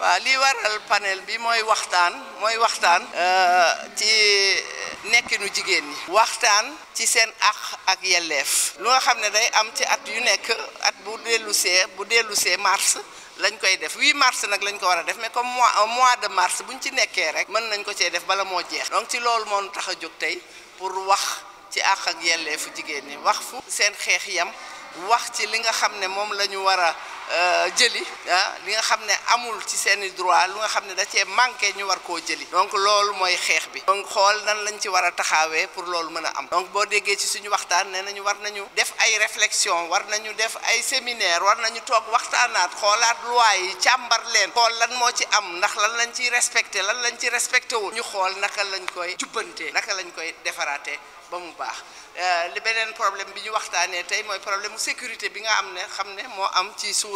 waaw li al panel bi waxtan moy waxtan euh ci nekkinu jigen ni waxtan ci sen ak ak yelef lu nga xam day am ci at yu nek at bu dellusee bu dellusee mars lañ koy def 8 mars nak lañ ko wara def mais comme mois euh, mois de mars buñ ci nekké rek mën nañ ko ci def bala mo jeex donc ci lool mon taxa a tay pour wax ci ak ak yelef jigen ni wax fu sen xex yam wax ci li nga xamne ne lañu wara Euh, jëli ah, li nga xam ne amul ci seen i droit lu nga xam ne da cee manqué ñu war koo jëli donc loolu mooy xeex bi donc xool nan lañ ci war a taxawee pour loolu mën a am donc boo déggee ci suñu waxtaan nee nañu war nañu def ay réflexion war nañu def ay séminaire war nañu toog waxtaanaat xoolaat loi yi càmbar leen xool lan moo ci am ndax lan lañ ciy respecté lan lañ ci respecté wul ñu xool naka lañ koy jubbantee naka lañ koy defaraatee ba mu baax euh, li beneen problème bi ñu waxtaanee tey mooy problème mu sécurité bi nga am ne xam ne moo am ci suuf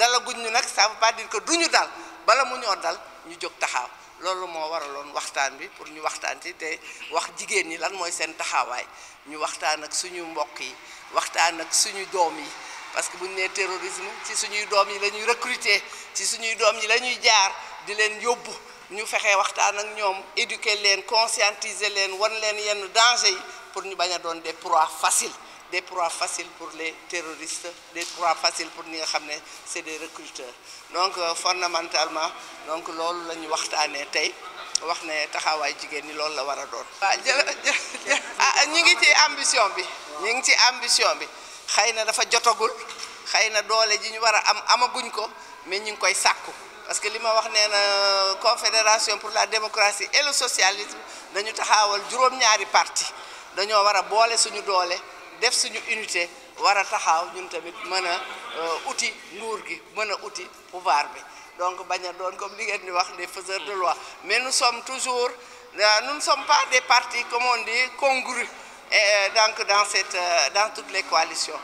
dala guñ nag ça veut pas dire que du ñu dal bala mu ñoo dal ñu jóg taxaw loolu moo waraloon waxtaan bi pour ñu waxtaan ci te wax jigéen ñi lan mooy seen taxawaay ñu waxtaan ak suñu mbokk yi waxtaan ak suñu doom yi parce que bu ñu nee terrorisme ci suñuy doom yi lañuy ñuy recruter ci suñuy doom yi la ñuy jaar di leen yóbbu ñu fexe waxtaan ak ñoom éduquer leen conscientiser leen wan leen yenn danger yi pour ñu bañ a doon de proies faciles des proies faciles pour les terroristes des proies faciles pour ni nga xam ne c'est des recruteurs donc euh, fondamentalement donc loolu la ñu waxtaanee tey wax ne taxawaay jigéen ñi loolu la war a doon. waaw ah, jërëjëf ah ñu ngi ci ambition bi. ñu ngi ci ambition bi xëy na dafa jotagul xëy na doole ji ñu war a am amaguñ ko mais ñu ngi koy sàkku parce que li ma wax nee na euh, confédération pour la démocratie et le socialisme dañu taxawal juróom-ñaari parti dañoo war a boole suñu doole. def suñu unité war a taxaw ñun tamit mën a euh, uti nguur gi mën a uti pouvoir bi donc bañ a doon comme li ngeen di wax des faiseurs de loi mais nous sommes toujours euh, nous ne sommes pas des partis comme on dit congrus et euh, donc dans cette dans toutes les coalitions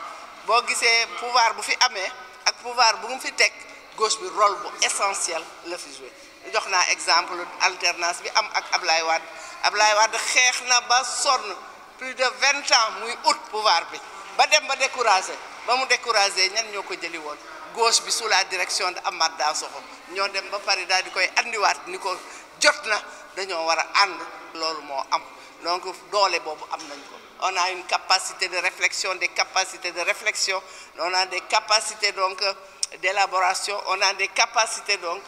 boo gisee pouvoir bu fi amee ak pouvoir bu mu fi teg gauche bi rôle bu essentiel la fi joué jox naa exemple alternance bi am ak Ablaye Wade Ablaye Wade xeex na ba sonn plus de 20 ans muy pouvoir bi ba dem ba découragé ba mu découragé ñan ñoko jëli woon gauche bi sous la direction de da Dansokho ñoo dem ba pare daal di koy ni ko jot na dañoo wara and loolu am donc doole bobu am nañ ko on a une capacité de réflexion des capacités de réflexion on a des capacités donc d'élaboration on a des capacités donc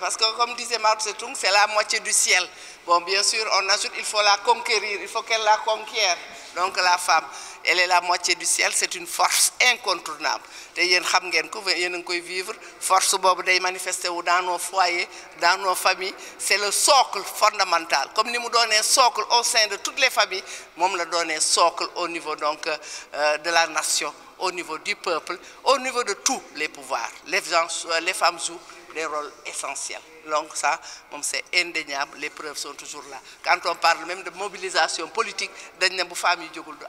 parce que comme disait Mao c'est la moitié du ciel bon bien sûr on il faut la conquérir il faut qu'elle la conquière donc la femme elle est la moitié du ciel c'est une force incontournable Il yéen xam ngeen ko force de manifester dans nos foyers dans nos familles c'est le socle fondamental comme nous donnons un socle au sein de toutes les familles nous donnons un socle au niveau donc euh, de la nation au niveau du peuple, au niveau de tous les pouvoirs. Les, gens, euh, les femmes jouent des rôles essentiels. Donc ça, c'est indéniable, les preuves sont toujours là. Quand on parle même de mobilisation politique, les femmes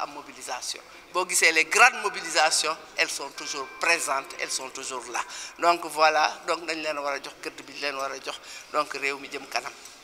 en mobilisation. les grandes mobilisations, elles sont toujours présentes, elles sont toujours là. Donc voilà, donc nous devons leur Donc, nous donc leur donner. Donc,